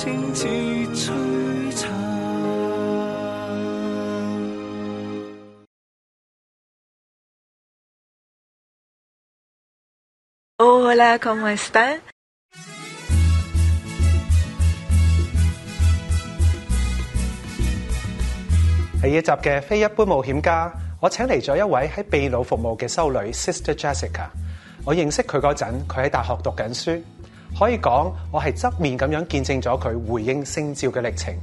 Oh, Hola，cómo estás？第一集嘅非一般冒險家，我請嚟咗一位喺秘魯服務嘅修女，Sister Jessica。我認識佢嗰陣，佢喺大學讀緊書。可以講，我係側面咁樣見證咗佢回應聖召嘅歷程，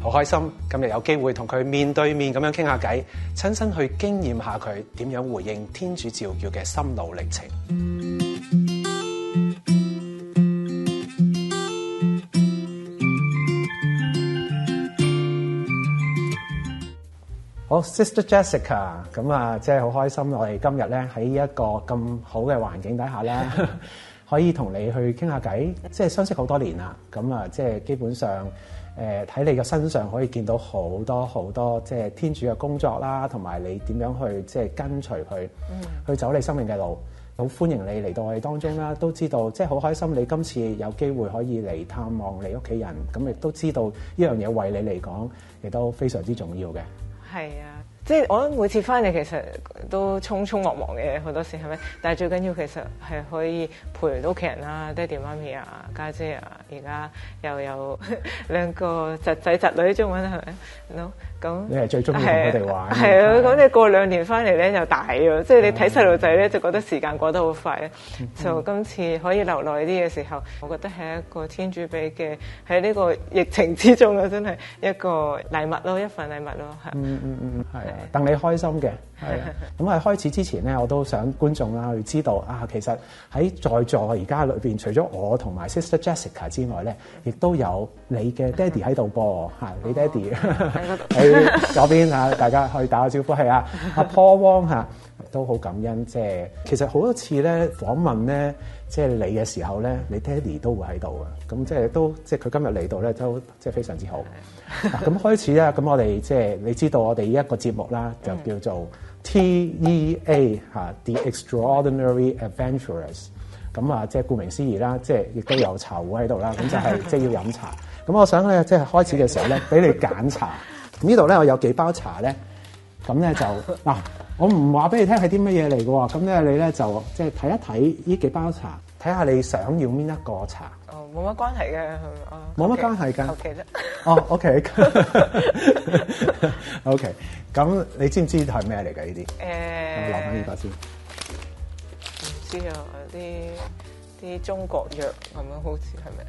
好開心！今日有機會同佢面對面咁樣傾下偈，親身去經驗下佢點樣回應天主召叫嘅心路歷程。好，Sister Jessica，咁啊，真係好開心我們！我哋今日咧喺一個咁好嘅環境底下咧。 可以同你去傾下偈，即係相識好多年啦。咁啊，即係基本上誒，喺你嘅身上可以見到好多好多，即係天主嘅工作啦，同埋你點樣去即係跟隨佢去走你生命嘅路。好歡迎你嚟到我哋當中啦，都知道即係好開心。你今次有機會可以嚟探望你屋企人，咁亦都知道呢樣嘢為你嚟講亦都非常之重要嘅。係啊。即係我每次翻嚟，其實都匆匆忙忙嘅，好多時係咪？但係最緊要其實係可以陪到屋企人啦、啊，爹哋媽咪啊，家姐，姐啊，而家又有呵呵兩個侄仔侄女，中文係咪？好。No? 那你係最中意我哋玩，係啊！咁、啊啊、你過兩年翻嚟咧又大啊，即係你睇細路仔咧就覺得時間過得好快。啊、就今次可以留耐啲嘅時候，啊、我覺得係一個天主俾嘅喺呢個疫情之中啊，真係一個禮物咯，一份禮物咯，係、啊。嗯嗯嗯，係啊等你開心嘅。係啊，咁喺開始之前咧，我都想觀眾啦去知道啊，其實喺在，在座而家裏面，除咗我同埋 Sister Jessica 之外咧，亦都有你嘅爹哋喺度噃嚇，你爹哋喺嗰邊、啊、 大家可以打個招呼，係 啊，阿 Paul Wong、啊、都好感恩，即係其實好多次咧訪問咧，即係你嘅時候咧，你爹哋都會喺度啊，咁即係都即係佢今日嚟到咧，都即係非常之好。咁開始啦，咁我哋即係你知道我哋呢一個節目啦，就叫做。T E A 吓 The Extraordinary Adventurers，咁啊，即係顧名思義啦，即係亦都有茶喺度啦，咁就係即係要飲茶。咁我想咧，即係開始嘅時候咧，俾你揀茶。呢度咧，我有幾包茶咧，咁咧就嗱，我唔話俾你聽係啲乜嘢嚟嘅喎，咁咧你咧就即係睇一睇呢幾包茶，睇下你想要邊一個茶。冇乜關係嘅，冇乜關係㗎，O K 啫。哦，O K，O K，咁你知唔知係咩嚟嘅呢啲？誒，留翻呢個先。唔知啊，啲啲中國藥咁樣好似係咪？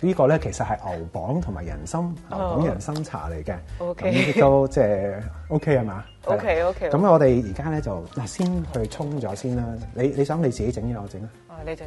呢個咧其實係牛蒡同埋人參牛蒡人參茶嚟嘅，O K，亦都即係 O K 啊嘛？O K，O K。咁我哋而家咧就嗱，先去沖咗先啦。你你想你自己整嘅，我整啊。哦，你整。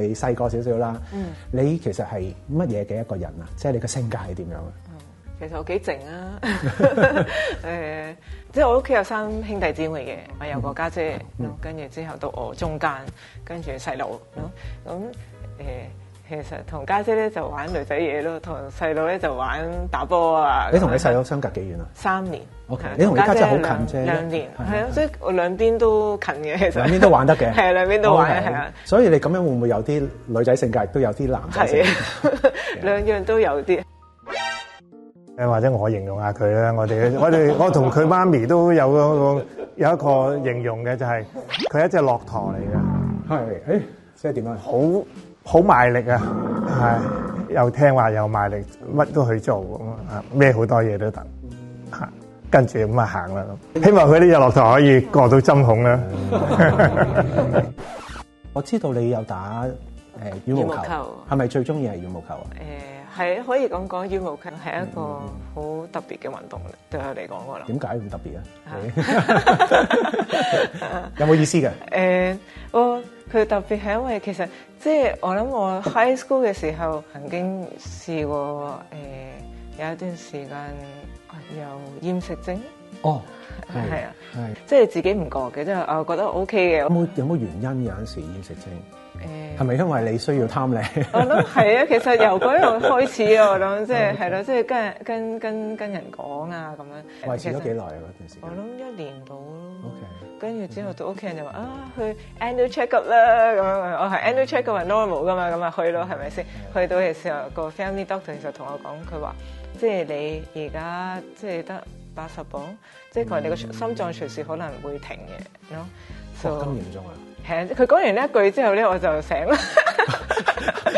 你細個少少啦，嗯、你其實係乜嘢嘅一個人啊？即、就、係、是、你嘅性格係點樣啊、嗯？其實我幾靜啊，誒、 呃，即係我屋企有三兄弟姊妹嘅，我有個家姐，姐，跟住、嗯嗯、之後到我中間，跟住細佬，咁、嗯、誒。嗯嗯嗯呃其實同家姐咧就玩女仔嘢咯，同細佬咧就玩打波啊。你同你細佬相隔幾遠啊？三年。你同你家姐好近啫。兩年。係啊，即係兩邊都近嘅。其實兩邊都玩得嘅。係啊，兩邊都玩係啊。所以你咁樣會唔會有啲女仔性格，亦都有啲男仔性格？兩樣都有啲。誒，或者我形容下佢咧，我哋我哋我同佢媽咪都有一個有一個形容嘅，就係佢一隻駱駝嚟嘅。係。誒，即係點啊？好。好賣力啊，係又聽話又賣力，乜都去做咁啊，孭好多嘢都得，行跟住咁啊行啦，希望佢啲日落堂可以過到針孔啦。我知道你有打誒羽毛球，係咪最中意係羽毛球啊？誒，係可以咁講，羽毛球係一個好特別嘅運動，對我嚟講可能。點解咁特別啊？有冇意思噶？誒，我。佢特別係因為其實即係我諗我 high school 嘅時候曾經試過誒、呃、有一段時間有厭食症。哦，係啊，係，即係自己唔覺嘅，即係我覺得 OK 嘅。有冇有冇原因有陣時厭食症？係咪因為你需要貪呢？我諗係啊，其實由嗰樣開始啊，我諗即係係咯，即係跟人跟跟跟人講啊咁樣。維持咗幾耐啊？嗰段時間我諗一年到咯。OK。跟住之後，到屋企人就話啊，去 annual checkup 啦。咁我係 annual checkup 話 normal 噶嘛，咁咪去咯，係咪先？去到嘅時候，個 family doctor 就同我講，佢話即係你而家即係得八十磅，即係佢話你個心臟隨時可能會停嘅。咁嚴重啊！佢講完呢一句之後咧，我就醒啦。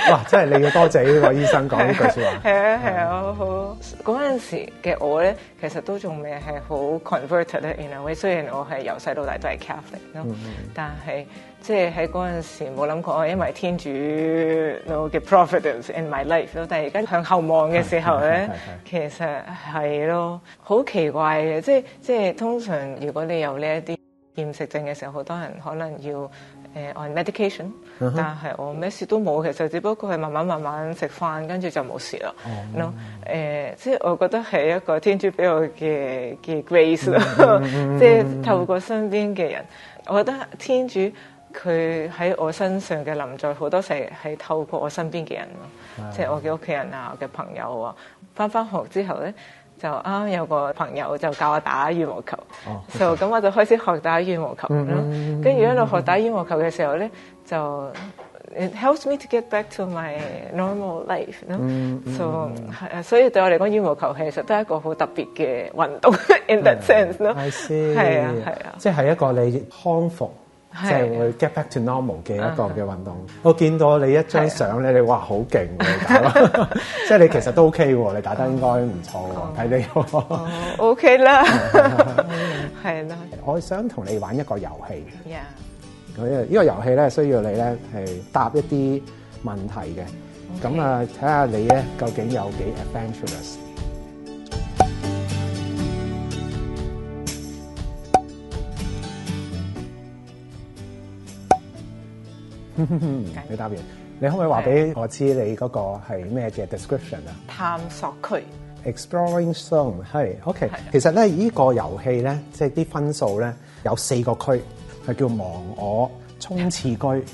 哇！真係你要多謝呢個醫生講呢句說話。係啊 係啊，好嗰陣時嘅我咧，其實都仲未係好 converted in a way. 雖然我係由細到大都係 Catholic，、mm hmm. 但係即係喺嗰陣時冇諗過，因為天主嘅 providence in my life 咯。但係而家向後望嘅時候咧， 其實係咯，好奇怪嘅。即係即係通常如果你有呢一啲。厭食症嘅時候，好多人可能要誒、呃、on medication，、uh huh. 但係我咩事都冇，其實只不過係慢慢慢慢食飯，跟住就冇事啦。no 誒、uh huh. 呃，即係我覺得係一個天主俾我嘅嘅 grace 咯、uh，huh. 即係透過身邊嘅人，uh huh. 我覺得天主佢喺我身上嘅臨在，好多時係透過我身邊嘅人咯，uh huh. 即係我嘅屋企人啊、我嘅朋友啊，翻返學之後咧。就啱有個朋友就教我打羽毛球，就咁、oh, okay. so, 我就開始學打羽毛球啦。跟住、mm hmm. 一路學打羽毛球嘅時候咧，就 It helps me to get back to my normal life、mm。Hmm. So, 所以對我嚟講，羽毛球其實都係一個好特別嘅運動。Mm hmm. In that sense，係啊係啊，啊即係一個你康復即係會 get back to normal 嘅一個嘅運動。我見到你一張相咧，你哇，好勁，你打啦，即係你其實都 OK 喎，你打得應該唔錯喎，睇你。哦，OK 啦，係啦。我想同你玩一個遊戲。啊。呢個遊戲咧需要你咧係答一啲問題嘅，咁啊睇下你咧究竟有幾 adventurous。 你答完，你可唔可以話俾我知的你嗰個係咩嘅 description 啊？探索區，exploring zone，係，OK 的。其實咧呢、這個遊戲咧，即係啲分數咧有四個區，係叫忘我」、Yeah. 啊「衝刺區，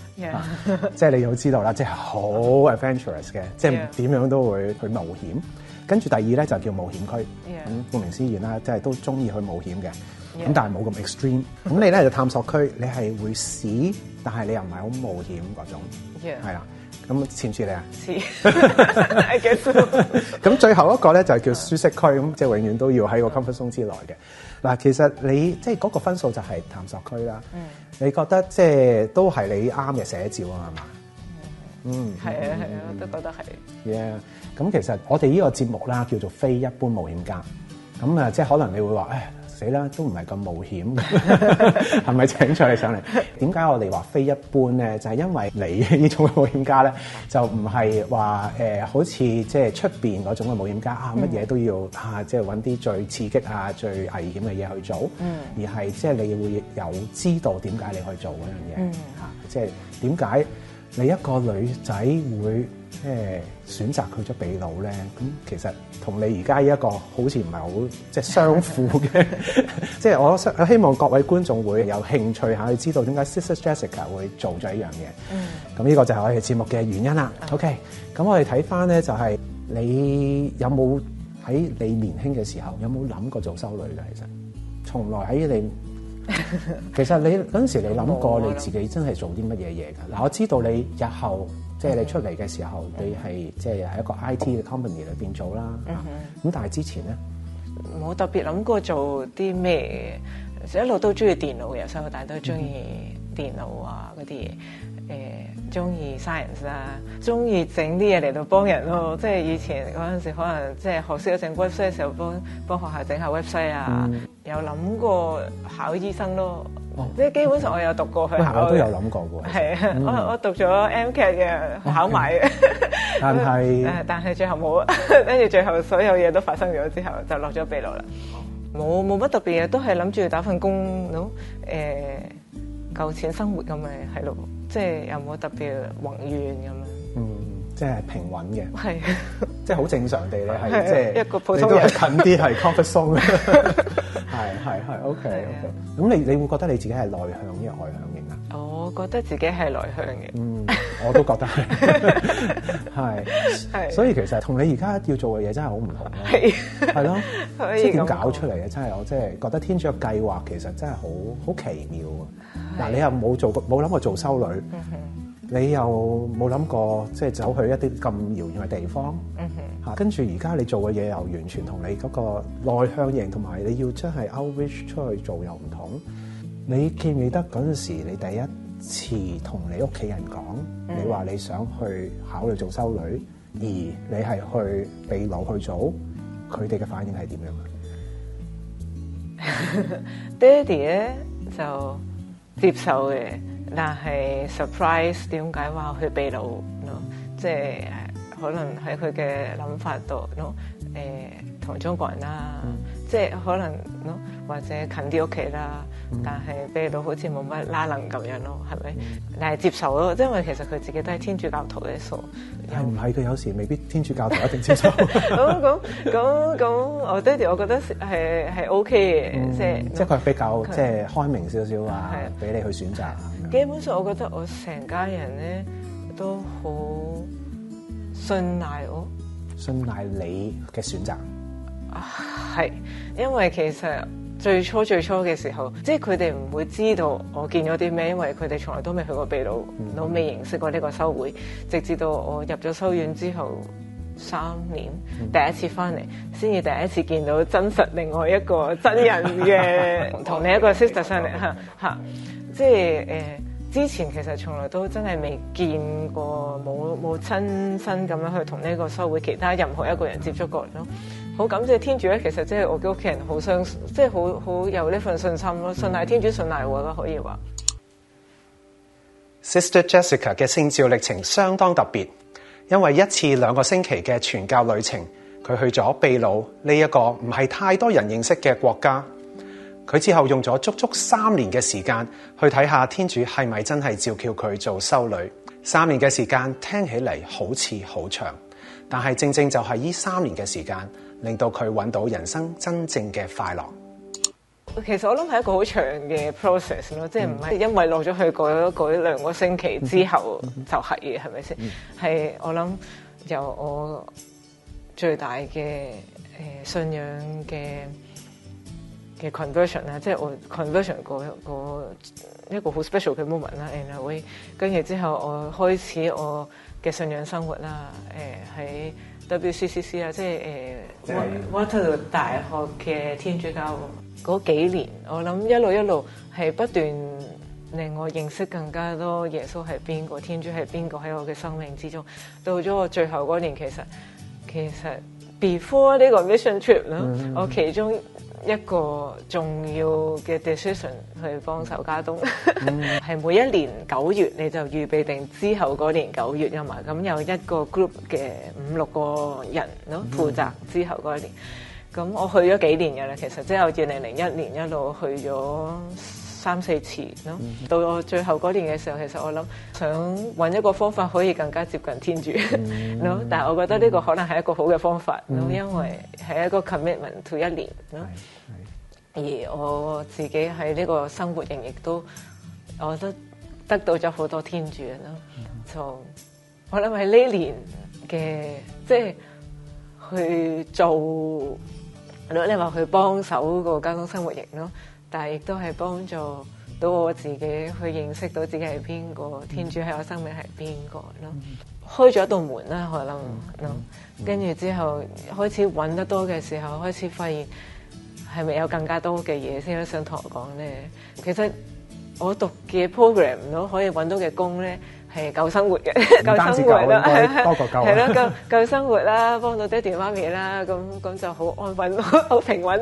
即係你都知道啦，即係好 adventurous 嘅，即係點 Yeah. 樣都會去冒險。跟住第二咧就叫冒險區，咁顧 Yeah.、嗯、名思義啦，即係都中意去冒險嘅。咁但係冇咁 extreme，咁你咧就探索區，你係會試，但係你又唔係好冒險嗰種，係啦，咁似唔似你啊？似，咁最後一個咧就係叫舒適區，咁即係永遠都要喺個 comfort zone 之內嘅。嗱，其實你即係嗰個分數就係探索區啦，你覺得即係都係你啱嘅寫照啊？係嘛？嗯，係啊，係啊，都覺得係。yeah，咁其實我哋呢個節目啦叫做非一般冒險家，咁啊即係可能你會話誒。係啦，都唔係咁冒險，係咪 請咗你上嚟？點解我哋話非一般咧？就係、是、因為你呢種冒險家咧，就唔係話誒，好似即係出邊嗰種嘅冒險家啊，乜嘢都要啊，即係揾啲最刺激啊、最危險嘅嘢去做。嗯。而係即係你會有知道點解你去做嗰樣嘢？嗯、 啊。即係點解你一個女仔會？即係、嗯、選擇去咗秘魯咧，咁其實同你而家一個好似唔係好即係相符嘅，即係 我希希望各位觀眾會有興趣嚇，要知道點解 Sister Jessica 會做咗一樣嘢。嗯，咁呢個就係我哋節目嘅原因啦。Mm. OK，咁我哋睇翻咧就係、是、你有冇喺你年輕嘅時候有冇諗過做修女嘅？其實從來喺你， 其實你嗰陣 時你諗過你自己真係做啲乜嘢嘢㗎？嗱，我知道你日後。即係你出嚟嘅時候，嗯、你係即係喺一個 IT 嘅 company 裏邊做啦。咁、嗯、哼但係之前咧，冇特別諗過做啲咩，一路都中意電腦嘅，由細到大都中意電腦啊嗰啲嘢誒。那些中意 science 啊，中意整啲嘢嚟到幫人咯，即係以前嗰陣時可能即係學識咗整 website 嘅時候，幫幫學校整下 website 啊，嗯、有諗過考醫生咯，哦、即係基本上我有讀過去，我都有諗過嘅，係啊是、嗯，我我讀咗 MCAT 嘅考埋嘅，但係 但係最後冇，跟住最後所有嘢都發生咗之後就了了，就落咗秘路啦，冇冇乜特別嘢，都係諗住打份工咯，誒、呃。夠錢生活咁咪係咯，即係有冇特別宏願咁樣？嗯，即係平穩嘅，係，即係好正常地咧，係即係一個普通人近啲係 comfort zone，係係係，OK OK。咁你你會覺得你自己係內向呢？外向型啊？我，覺得自己係內向嘅，嗯，我都覺得係，係係，所以其實同你而家要做嘅嘢真係好唔同咯，係咯，即係點搞出嚟嘅？真係我即係覺得天主嘅計劃其實真係好好奇妙啊！嗱，你又冇做過，冇諗過做修女，嗯嗯嗯、你又冇諗過即係走去一啲咁遙遠嘅地方嚇。跟住而家你做嘅嘢又完全同你嗰個內向型，同埋你要真係 outreach 出去做又唔同。你記唔記得嗰陣時你第一次同你屋企人講，你話你想去考慮做修女，而你係去秘魯去做，佢哋嘅反應係點樣啊？ 爹哋呢就～接受嘅，但係 surprise 點解話佢秘魯咯？即、就、係、是、可能喺佢嘅諗法度咯，誒、呃、同中國人啦、啊。嗯即係可能咯，或者近啲屋企啦，但係俾到好似冇乜拉楞咁樣咯，係咪？嗯、但係接受咯，即係因為其實佢自己都係天主教徒嘅傻。係唔係？佢有時未必天主教徒一定接受 。咁咁咁咁，我爹哋我覺得係係 O K 嘅，即係即係佢比較即係他開明少少話，俾的你去選擇。基本上，我覺得我成家人咧都好信賴我，信賴你嘅選擇。係，因為其實最初最初嘅時候，即係佢哋唔會知道我見咗啲咩，因為佢哋從來都未去過秘魯，都未認識過呢個修會。直至到我入咗修院之後三年，第一次翻嚟，先至第一次見到真實另外一個真人嘅同 你一個 sister 上嚟。嚇嚇， 即係誒、呃，之前其實從來都真係未見過，冇冇親身咁樣去同呢個修會其他任何一個人接觸過咯。好感謝天主咧！其實即係我嘅屋企人好信，即係好好有呢份信心咯，信賴天主，信賴我啦，可以話。Sister Jessica 嘅聖召歷程相當特別，因為一次兩個星期嘅傳教旅程，佢去咗秘魯呢一個唔係太多人認識嘅國家。佢之後用咗足足三年嘅時間去睇下天主係咪真係召叫佢做修女。三年嘅時間聽起嚟好似好長，但係正正就係呢三年嘅時間。令到佢揾到人生真正嘅快樂。其實我諗係一個好長嘅 process 咯、嗯，即係唔係因為落咗去嗰嗰兩個星期之後就係、是、嘅，係咪先？係、嗯嗯、我諗由我最大嘅誒、呃、信仰嘅嘅 conversion 啦，con version，即係我 conversion 嗰一、那個一、那個好 special 嘅 moment 啦。In a way 跟住之後，我開始我嘅信仰生活啦。誒、呃、喺。WCCC 啊，即係誒，Waterloo 大學嘅天主教嗰幾年，我諗一路一路係不斷令我認識更加多耶穌係邊個，天主係邊個喺我嘅生命之中。到咗我最後嗰年，其實其實 before 呢個 mission trip 咧、mm，hmm. 我其中，一個重要嘅 decision 去幫手家東，係、hmm. 每一年九月你就預備定之後嗰年九月啊嘛，咁有一個 group 嘅五六個人咯，負責之後嗰一年，咁、mm hmm. 我去咗幾年㗎喇，其實即係好似二零零一年一路去咗。三四次咯，嗯、到我最後嗰年嘅時候，其實我諗想搵一個方法可以更加接近天主咯。嗯、道但係我覺得呢個可能係一個好嘅方法、嗯、因為係一個 commitment to 一年咯。嗯、而我自己喺呢個生活營亦都，我都得到咗好多天主咯。就、嗯、我諗喺呢年嘅，即、就、係、是、去做，如果你話去幫手個交通生活營咯。但亦都係幫助到我自己去認識到自己係邊個，天主喺我生命係邊個咯，嗯、開咗一道門啦，可能咯。跟住、嗯、之後、嗯、開始揾得多嘅時候，開始發現係咪有更加多嘅嘢先想同我講咧？其實我讀嘅 program 都可以揾到嘅工咧。係舊生活嘅舊生活啦，係咯、 啊，舊舊 生活啦，幫到爹哋媽咪啦，咁咁就好安穩，好平穩。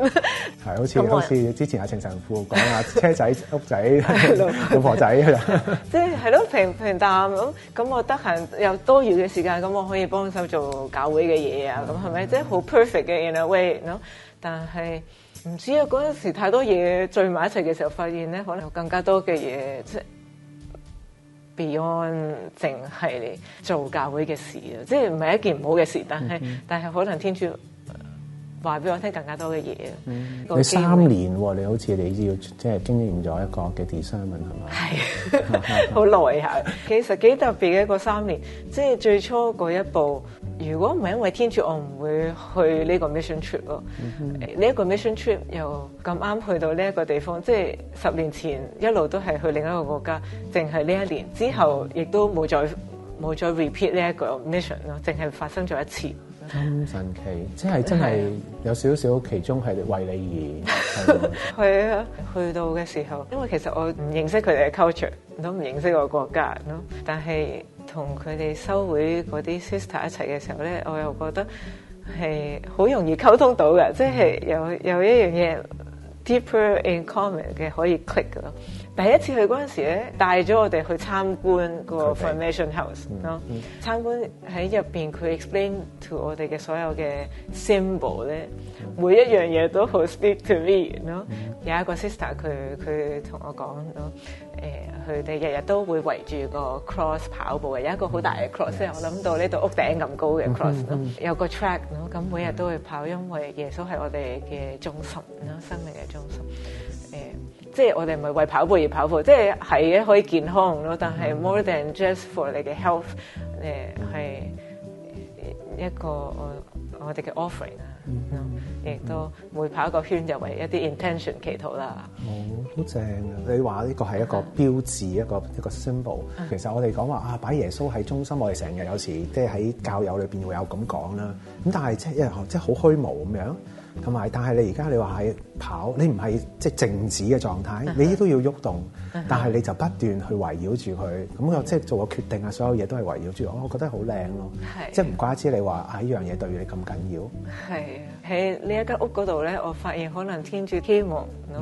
係好似我好似之前阿、啊、程神父講啊，車仔 屋仔 老婆仔啊，即係係咯平平淡咁，咁我得閒有多餘嘅時間，咁我可以幫手做教會嘅嘢啊，咁係咪？即係好 perfect 嘅 in a way，但係唔知啊，嗰陣時太多嘢聚埋一齊嘅時候，發現咧，可能有更加多嘅嘢即 Beyond 淨係你做教會嘅事啊，即係唔係一件唔好嘅事，但係、mm hmm. 但係可能天主。話俾我聽更加多嘅嘢啊！嗯、你三年，你好似你要即係經驗咗一個嘅 design 係咪？係，好耐下。其實幾特別嘅一個三年，即係最初嗰一步，如果唔係因為天主，我唔會去呢個 mission trip 咯、嗯哼。呢一個 mission trip 又咁啱去到呢一個地方，即係十年前一路都係去另一個國家，淨係呢一年之後也沒，亦都冇再冇再 repeat 呢一個 mission 咯，淨係發生咗一次。真神奇，即係真係有少少其中係為你而係啊！ 去到嘅時候，因為其實我唔認識佢哋嘅 culture，都唔認識個國家咯。但係同佢哋收會嗰啲 sister 一齊嘅時候咧，我又覺得係好容易溝通到嘅，即係有有一樣嘢 deeper in common 嘅可以 click 咯。第一次去嗰陣時咧，帶咗我哋去參觀個 Formation House 咯、嗯。參、嗯、觀喺入邊，佢 explain to 我哋嘅所有嘅 symbol 咧，每一樣嘢都好 stick to me 咯。有一個 sister，佢佢同我講咯、嗯，誒、嗯，佢哋日日都會圍住個 cross 跑步嘅，有一個好大嘅 cross，即係我諗到呢度屋頂咁高嘅 cross 咯，有個 track 咁每日都會跑，因為耶穌係我哋嘅中心，生命嘅中心。即係我哋唔係為跑步而跑步，即係係可以健康咯。但係 more than just for 你嘅 health，誒、呃、係一個我我哋嘅 offering 啊、嗯，亦都每跑一個圈就為一啲 intention 祈禱啦。哦，好正啊！你話呢個係一個標誌是，一個一個 symbol。其實我哋講話啊，擺耶穌喺中心，我哋成日有時即係喺教友裏面會有咁講啦。咁但係即係又即係好虛無咁樣。同埋，但係你而家你話係跑，你唔係即靜止嘅狀態，你都要喐動，動，但係你就不斷去圍繞住佢，咁我即係做個決定啊，所有嘢都係圍繞住我，我覺得好靚咯，即係唔怪之你話喺呢樣嘢對於你咁緊要。係喺呢一間屋嗰度咧，我發現可能天主希望。No?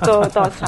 都 多謝，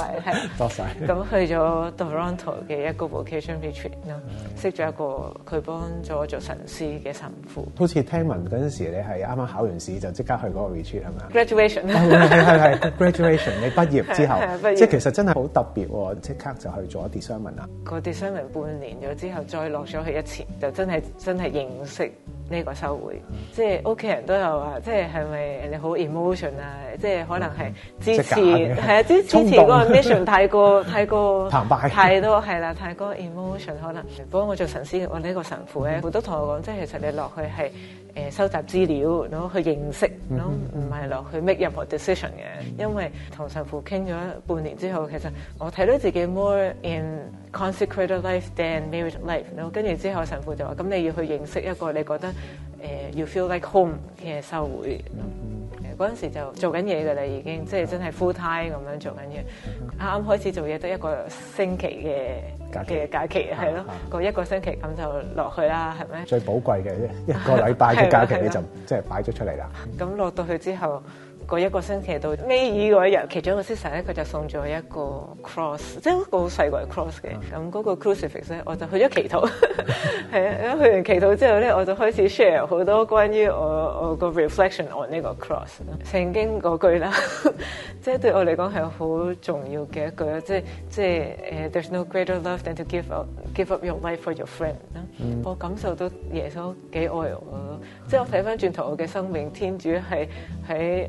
多晒。咁去咗 Toronto 嘅一個 vocation retreat 啦，識咗一個佢幫咗做神師嘅神父。好似聽聞嗰陣時候你係啱啱考完試就即刻去嗰個 retreat 係咪 graduation？係係係 graduation，你畢業之後，即係的其實真係好特別喎，即刻就去咗 discernment 啦。個 discernment 半年咗之後再落咗去一次，就真係真係認識。呢個修會，即係屋企人都有是不是啊，即係係咪你好 emotion 啊？即係可能係之前係啊，之前個 mission 太過 太過，太，過 太多係啦，太過 emotion 可能。幫 我做神師，我、這、呢個神父咧，嗯、都跟我都同我講，即其實你落去係。收集資料，然後去認識，咯，唔係落去 make 任何 decision 嘅，mm hmm. 因為同神父傾咗半年之後，其實我睇到自己 more in consecrated life than married life，跟住、mm hmm. 之後神父就話，咁你要去認識一個你覺得、mm hmm. 呃、you feel like home 嘅修會。嗰陣、mm hmm. 時就做緊嘢㗎啦，已經即係、就是、真係 full time 咁樣做緊嘢，啱啱開始做嘢都一個星期嘅。假期嘅假期係咯，個、啊、一個星期咁就落去啦，係咪？最寶貴嘅一個禮拜嘅假期你就即係擺咗出嚟啦。咁落到去之後。過一個星期到尾二嗰日，其中一個 session 咧，佢就送咗一個 cross，即係一個好細個嘅 cross 嘅。咁嗰個 crucifix 咧，我就去咗祈禱，係啊，咁去完祈禱之後咧，我就開始 share 好多關於我我個 reflection on 呢個 cross。聖經嗰句啦，即係對我嚟講係好重要嘅一句，即係即係誒，there's no greater love than to give up give up your life for your friend。嗯，我感受到耶穌幾愛我咯。即係我睇翻轉頭我嘅生命，天主係喺。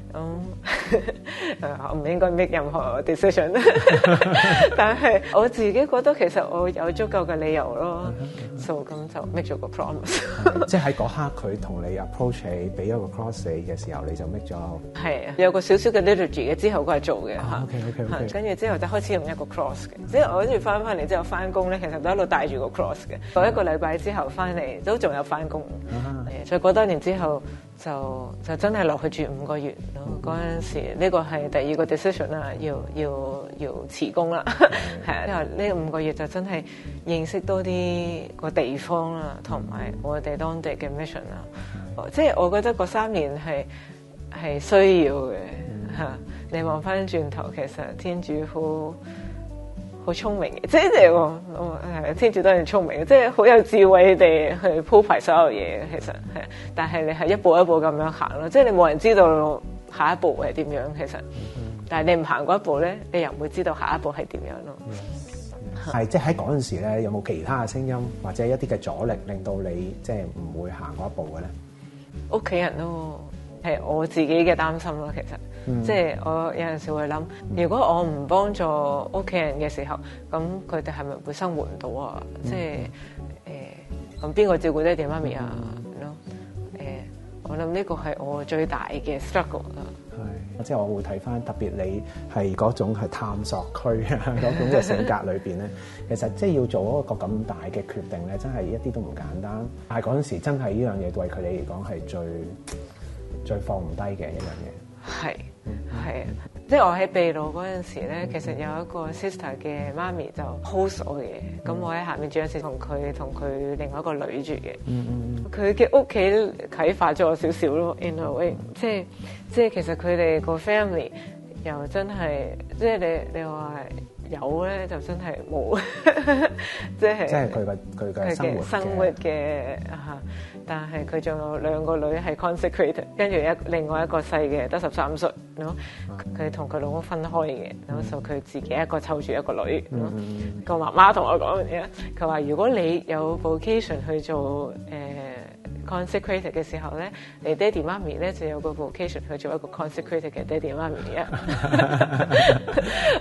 哦，oh, 我唔應該 make 任何 decision， 但係我自己覺得其實我有足夠嘅理由咯，就咁就 make 咗個 promise。 即係喺嗰刻佢同你 approach 你，俾咗個 cross 你嘅時候，你就 make 咗。係啊 有個少少嘅 liturgy 嘅，之後佢係做嘅、ah, OK OK 跟、okay. 住之後就開始用一個 cross 嘅。之後我跟住翻翻嚟之後翻工咧，其實都一路帶住個 cross 嘅。過一個禮拜 之後翻嚟都仲有翻工。再過多年之後。就就真係落去住五個月咯，嗰陣時呢個係第二個 decision 啦，要要要辭工啦，係 啊，呢五個月就真係認識多啲個地方啦，同埋我哋當地嘅 mission 啦，即係、嗯、我覺得嗰三年係係需要嘅吓。你望翻轉頭，其實天主夫。好聰明嘅，即係你誒天主都係聰明嘅，即係好有智慧地去鋪排所有嘢。其實係，但係你係一步一步咁樣行咯，即係你冇人知道下一步係點樣。其實，但係你唔行嗰一步咧，你又唔會知道下一步係點樣咯。係、嗯、係即係喺嗰陣時咧，有冇其他嘅聲音或者一啲嘅阻力令到你即係唔會行嗰一步嘅咧？屋企人咯，係我自己嘅擔心咯，其實。嗯、即係我有陣時會諗，如果我唔幫助屋企人嘅時候，咁佢哋係咪會生活唔到？嗯呃、啊？即係誒咁邊個照顧爹哋媽咪啊？咯我諗呢個係我最大嘅 struggle 啊。即係我會睇返特別你係嗰種係探索區啊嗰種嘅性格裏面咧， 其實即係要做一個咁大嘅決定咧，真係一啲都唔簡單。但係嗰陣時真係呢樣嘢對佢哋嚟講係最最放唔低嘅一樣嘢。係係啊，即係我喺秘魯嗰陣時咧，其實有一個 sister 嘅媽咪就 post 我嘅。咁、嗯、我喺下面住一時同佢同佢另外一個女住嘅，佢嘅屋企都啟發咗我少少咯。In a way，即係即係其實佢哋個 family。又真係，即係你你話有咧就真係冇，呵呵就是、即係。即係佢嘅佢嘅生活嘅生活嘅吓，但係佢仲有兩個女係 consecrated，跟住一另外一個細嘅得十三歲，咯、嗯，佢同佢老公分開嘅，嗯、所以佢自己一個湊住一個女，個、嗯嗯、媽媽同我講嘅嘢，佢話如果你有 vocation 去做、呃 consecrated 嘅時候咧，你爹地媽咪咧就有個 vocation 去做一個 consecrated 嘅爹地媽咪啊。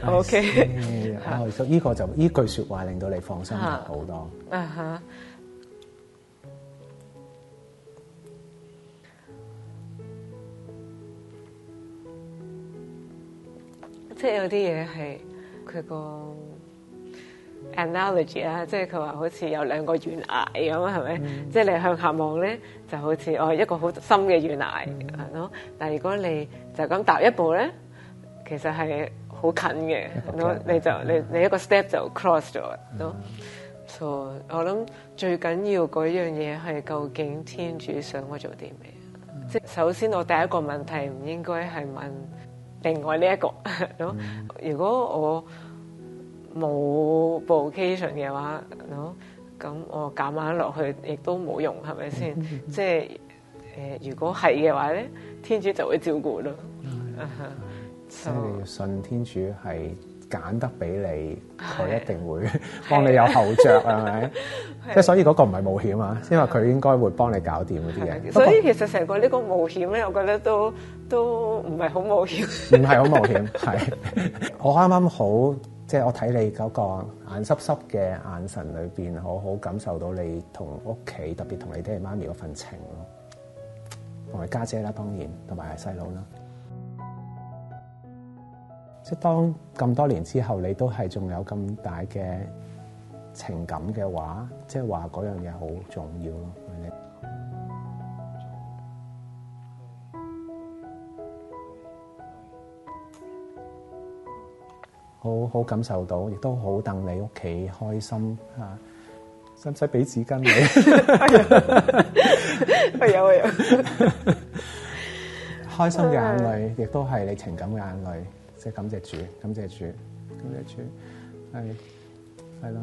OK，所以呢個就呢句説話令到你放心好多。啊哈，即係有啲嘢係佢個。Analogy 啊，即係佢話好似有兩個懸崖咁啊，係咪？即係、mm hmm. 你向下望咧，就好似哦，一個好深嘅懸崖咯。Mm hmm. 但係如果你就咁踏一步咧，其實係好近嘅，Okay. 你就你你一個 step 就 cross 咗啦。所、mm hmm. So, 我諗最緊要嗰樣嘢係究竟天主想我做啲咩？即係、mm hmm. 首先我第一個問題唔應該係問另外呢一個咯。Mm hmm. 如果我冇抱 position 嘅話，嗱咁我減玩落去，亦都冇用，係咪先？即係誒，如果係嘅話咧，天主就會照顧咯。即係你要信天主係揀得俾你，佢一定會幫你有後着，係咪？即係所以嗰個唔係冒險啊，因為佢應該會幫你搞掂嗰啲嘢。所以其實成個呢個冒險咧，我覺得都都唔係好冒險，唔係好冒險。係我啱啱好。即係我睇你嗰個眼濕濕嘅眼神裏邊，我好感受到你同屋企，特別同你爹哋媽咪嗰份情咯，同埋家姐啦，當然同埋細佬啦。即係當咁多年之後，你都係仲有咁大嘅情感嘅話，即係話嗰樣嘢好重要咯。好好感受到，亦都好等你屋企開心吓，使唔使俾紙巾你？有 啊 有！有 開心嘅眼淚， 亦都係你情感嘅眼淚，即係感謝主，感謝主，感謝主，係係咯。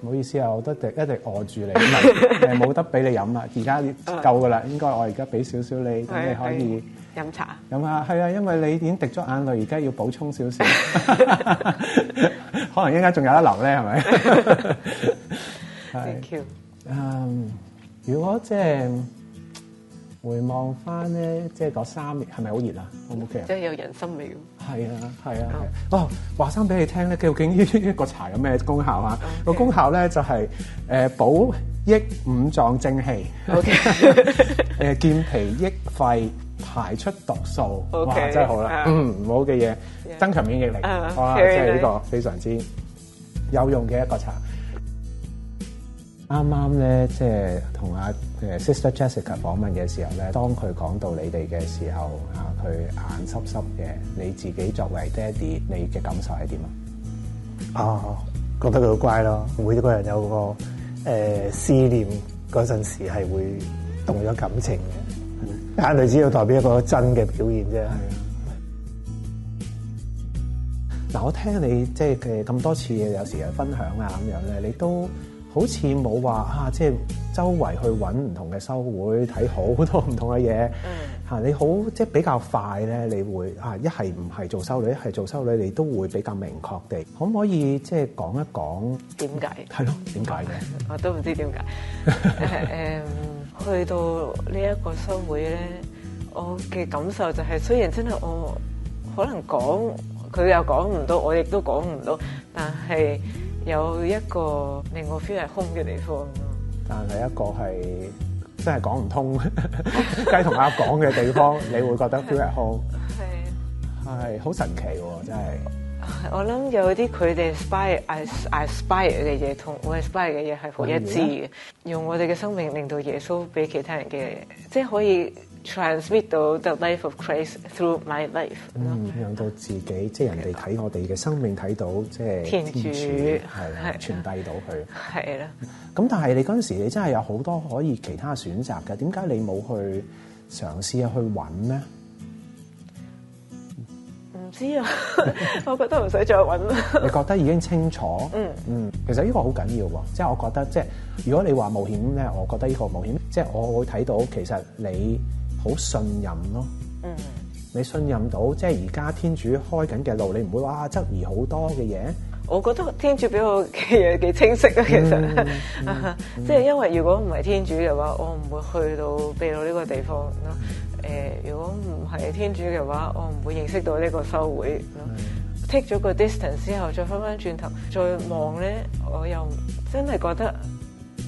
唔好意思啊，我都一直一直餓住你，誒，冇 得俾你飲啦，而家夠噶啦， 應該我而家俾少少你一點點，咁是你可以飲茶。咁啊，係啊，因為你已經滴咗眼淚，而家要補充少少，可能一陣間仲有一流咧，係咪？係。嗯，如果即係回望翻咧，即係嗰三年，係咪好熱啊？O 唔 O K 啊？即係有人參味咁。係啊，係啊，哦，話翻俾你聽咧，究竟呢個茶有咩功效啊？個功效咧就係誒補益五臟正氣，誒健脾益肺。排出毒素，okay, 哇，真係好啦，uh, 嗯，唔好嘅嘢，yeah, 增強免疫力，好、uh, 哇，very 真係呢個非常之有用嘅一個茶。啱啱咧，即係同阿誒 Sister Jessica 訪問嘅時候咧，當佢講到你哋嘅時候，啊，佢眼濕濕嘅，你自己作為爹哋，你嘅感受係點啊？啊，覺得佢好乖咯，每個人有個誒、呃、思念嗰陣時，係會動咗感情嘅。眼淚只要代表一個真嘅表現啫、嗯。係啊。嗱，我聽你即係咁多次有時嘅分享啊咁樣咧，你都好似冇話啊，即、就、係、是、周圍去揾唔同嘅修會睇好多唔同嘅嘢。嗯、啊。你好即係、就是、比較快咧，你會啊一係唔係做修女，一係做修女，你都會比較明確地。可唔可以即係、就是、講一講點解？係咯，點解咧？我都唔知點解。誒。 um, 去到呢一個商會咧，我嘅感受就係，雖然真係我可能講佢又講唔到，我亦都講唔到，但係有一個令我 feel at home 嘅地方。但係一個係真係講唔通雞同鴨講嘅地方，你會覺得 feel at home，係係好神奇喎，真係。我諗有啲佢哋 aspire, as aspire 嘅嘢，同我 aspire 嘅嘢係好一致嘅。的用我哋嘅生命令到耶穌俾其他人嘅，即係可以 transmit 到 the life of Christ through my life。嗯，讓到自己的即係人哋睇我哋嘅生命睇到，即係天主係主傳遞到佢。係啦的。咁但係你嗰陣時你真係有好多可以其他選擇嘅，點解你冇去嘗試去揾呢？ 我覺得唔使再揾啦。你覺得已經清楚？ 嗯嗯。其實呢個好緊要，啊，即係我覺得，即係如果你話冒險咧，我覺得呢個冒險，即係我會睇到，其實你好信任咯，啊。嗯，你信任到，即係而家天主開緊嘅路，你唔會話啊質疑好多嘅嘢。我覺得天主俾我嘅嘢幾清晰啊，其實。即係因為如果唔係天主嘅話，我唔會去到秘魯呢個地方啦。嗯嗯呃，如果唔係天主嘅話，我唔會認識到呢個修會。Mm. take 咗個 distance 之後，再翻翻轉頭再望咧，我又真係覺得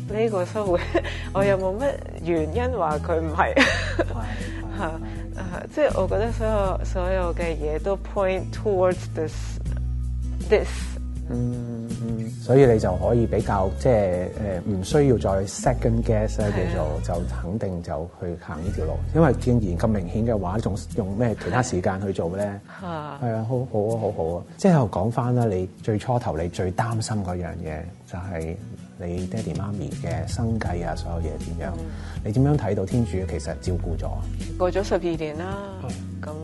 呢個修會， 我又冇乜原因話佢唔係。即係我覺得所有所有嘅嘢都 point towards this this。嗯嗯，嗯所以你就可以比較，即係誒，唔、呃、需要再 second guess 咧，叫做的就肯定就去行呢條路。因為既然咁明顯嘅話，仲用咩其他時間去做咧？係啊的，啊，好好好好啊！即係講翻啦，你最初頭你最擔心嗰樣嘢，就係、是、你爹哋媽咪嘅生計啊，所有嘢點樣，嗯、你點樣睇到天主其實照顧咗？過咗十二年啦，咁、嗯。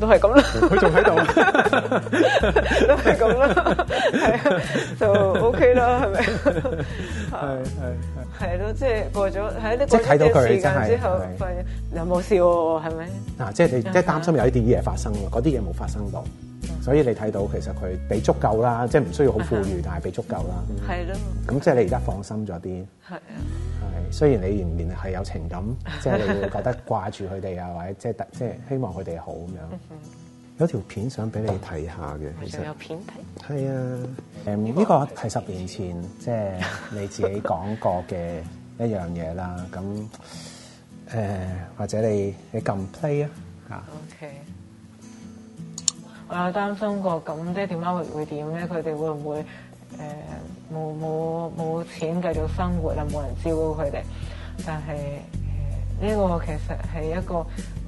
都係咁啦，佢仲喺度，都係咁啦，係啊，就 OK 啦，係咪？係係係，係咯，即係過咗，喺呢個呢個時間之後，又冇事喎，係咪？嗱，即係你即係擔心有啲啲嘢發生喎，嗰啲嘢冇發生到。所以你睇到，其實佢俾足夠啦，即係唔需要好富裕，但係俾足夠啦。係咯。咁即係你而家放心咗啲。係啊。係。雖然你仍然係有情感，即係你會覺得掛住佢哋啊，或者即係即係希望佢哋好咁樣。有條片想俾你睇下嘅，其實有片睇。係啊。誒，呢個係十年前即係你自己講過嘅一樣嘢啦。咁誒，或者你你撳 play 啊。OK。我有擔心過，咁爹哋媽咪會點咧？佢哋會唔會誒冇冇冇錢繼續生活啊？冇人照顧佢哋，但係呢、呃呢個其實係一個、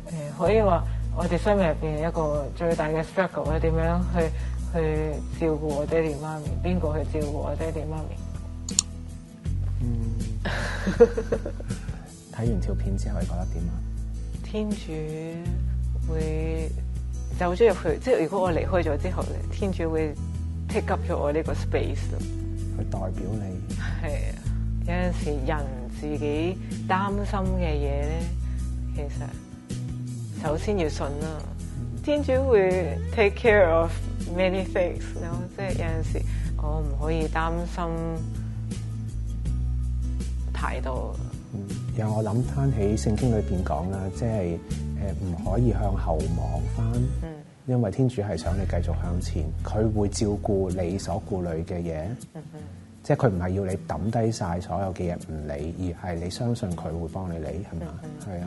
呃、可以話我哋生命入邊一個最大嘅 struggle，點樣去去照顧我爹哋媽咪？邊個去照顧我爹哋媽咪？嗯，睇 完條片之後，你覺得點啊？天主會。走咗入去，即係如果我離開咗之後咧，天主會 take up 咗我呢個 space 咯，去代表你。係啊，有陣時人自己擔心嘅嘢咧，其實首先要信啦，天主會 take care of many things 咯。然後即係有陣時我唔可以擔心太多。嗯，有我諗翻起聖經裏邊講啦，即係。誒唔可以向後望翻，因為天主係想你繼續向前，佢會照顧你所顧慮嘅嘢，即係佢唔係要你抌低晒所有嘅嘢唔理，而係你相信佢會幫你理，係咪、嗯嗯、啊？係啊！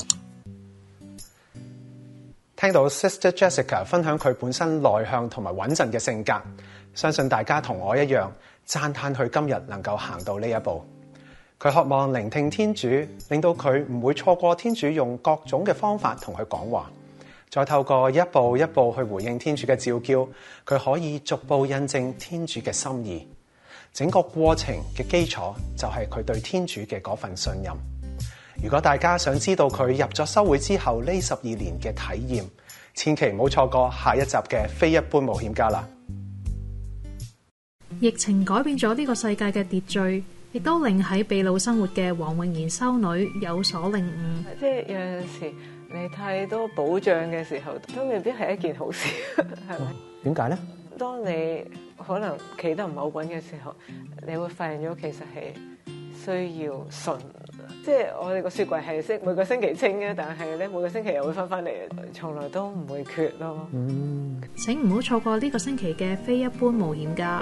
聽到 Sister Jessica 分享佢本身內向同埋穩陣嘅性格，相信大家同我一樣讚嘆佢今日能夠行到呢一步。佢渴望聆聽天主，令到佢唔會錯過天主用各種嘅方法同佢講話。再透過一步一步去回應天主嘅召叫，佢可以逐步印證天主嘅心意。整個過程嘅基礎就係佢對天主嘅嗰份信任。如果大家想知道佢入咗修會之後呢十二年嘅體驗，千祈唔好錯過下一集嘅《非一般冒險家》啦。疫情改變咗呢個世界嘅秩序。亦都令喺秘魯生活嘅黃穎賢修女有所領悟，即係有陣時你太多保障嘅時候都未必係一件好事，係點解咧？哦、呢當你可能企得唔係好穩嘅時候，你會發現咗其實係需要信，即係我哋個雪櫃係每每個星期清嘅，但係咧每個星期又會翻翻嚟，從來都唔會缺咯。嗯、請唔好錯過呢個星期嘅非一般冒險家。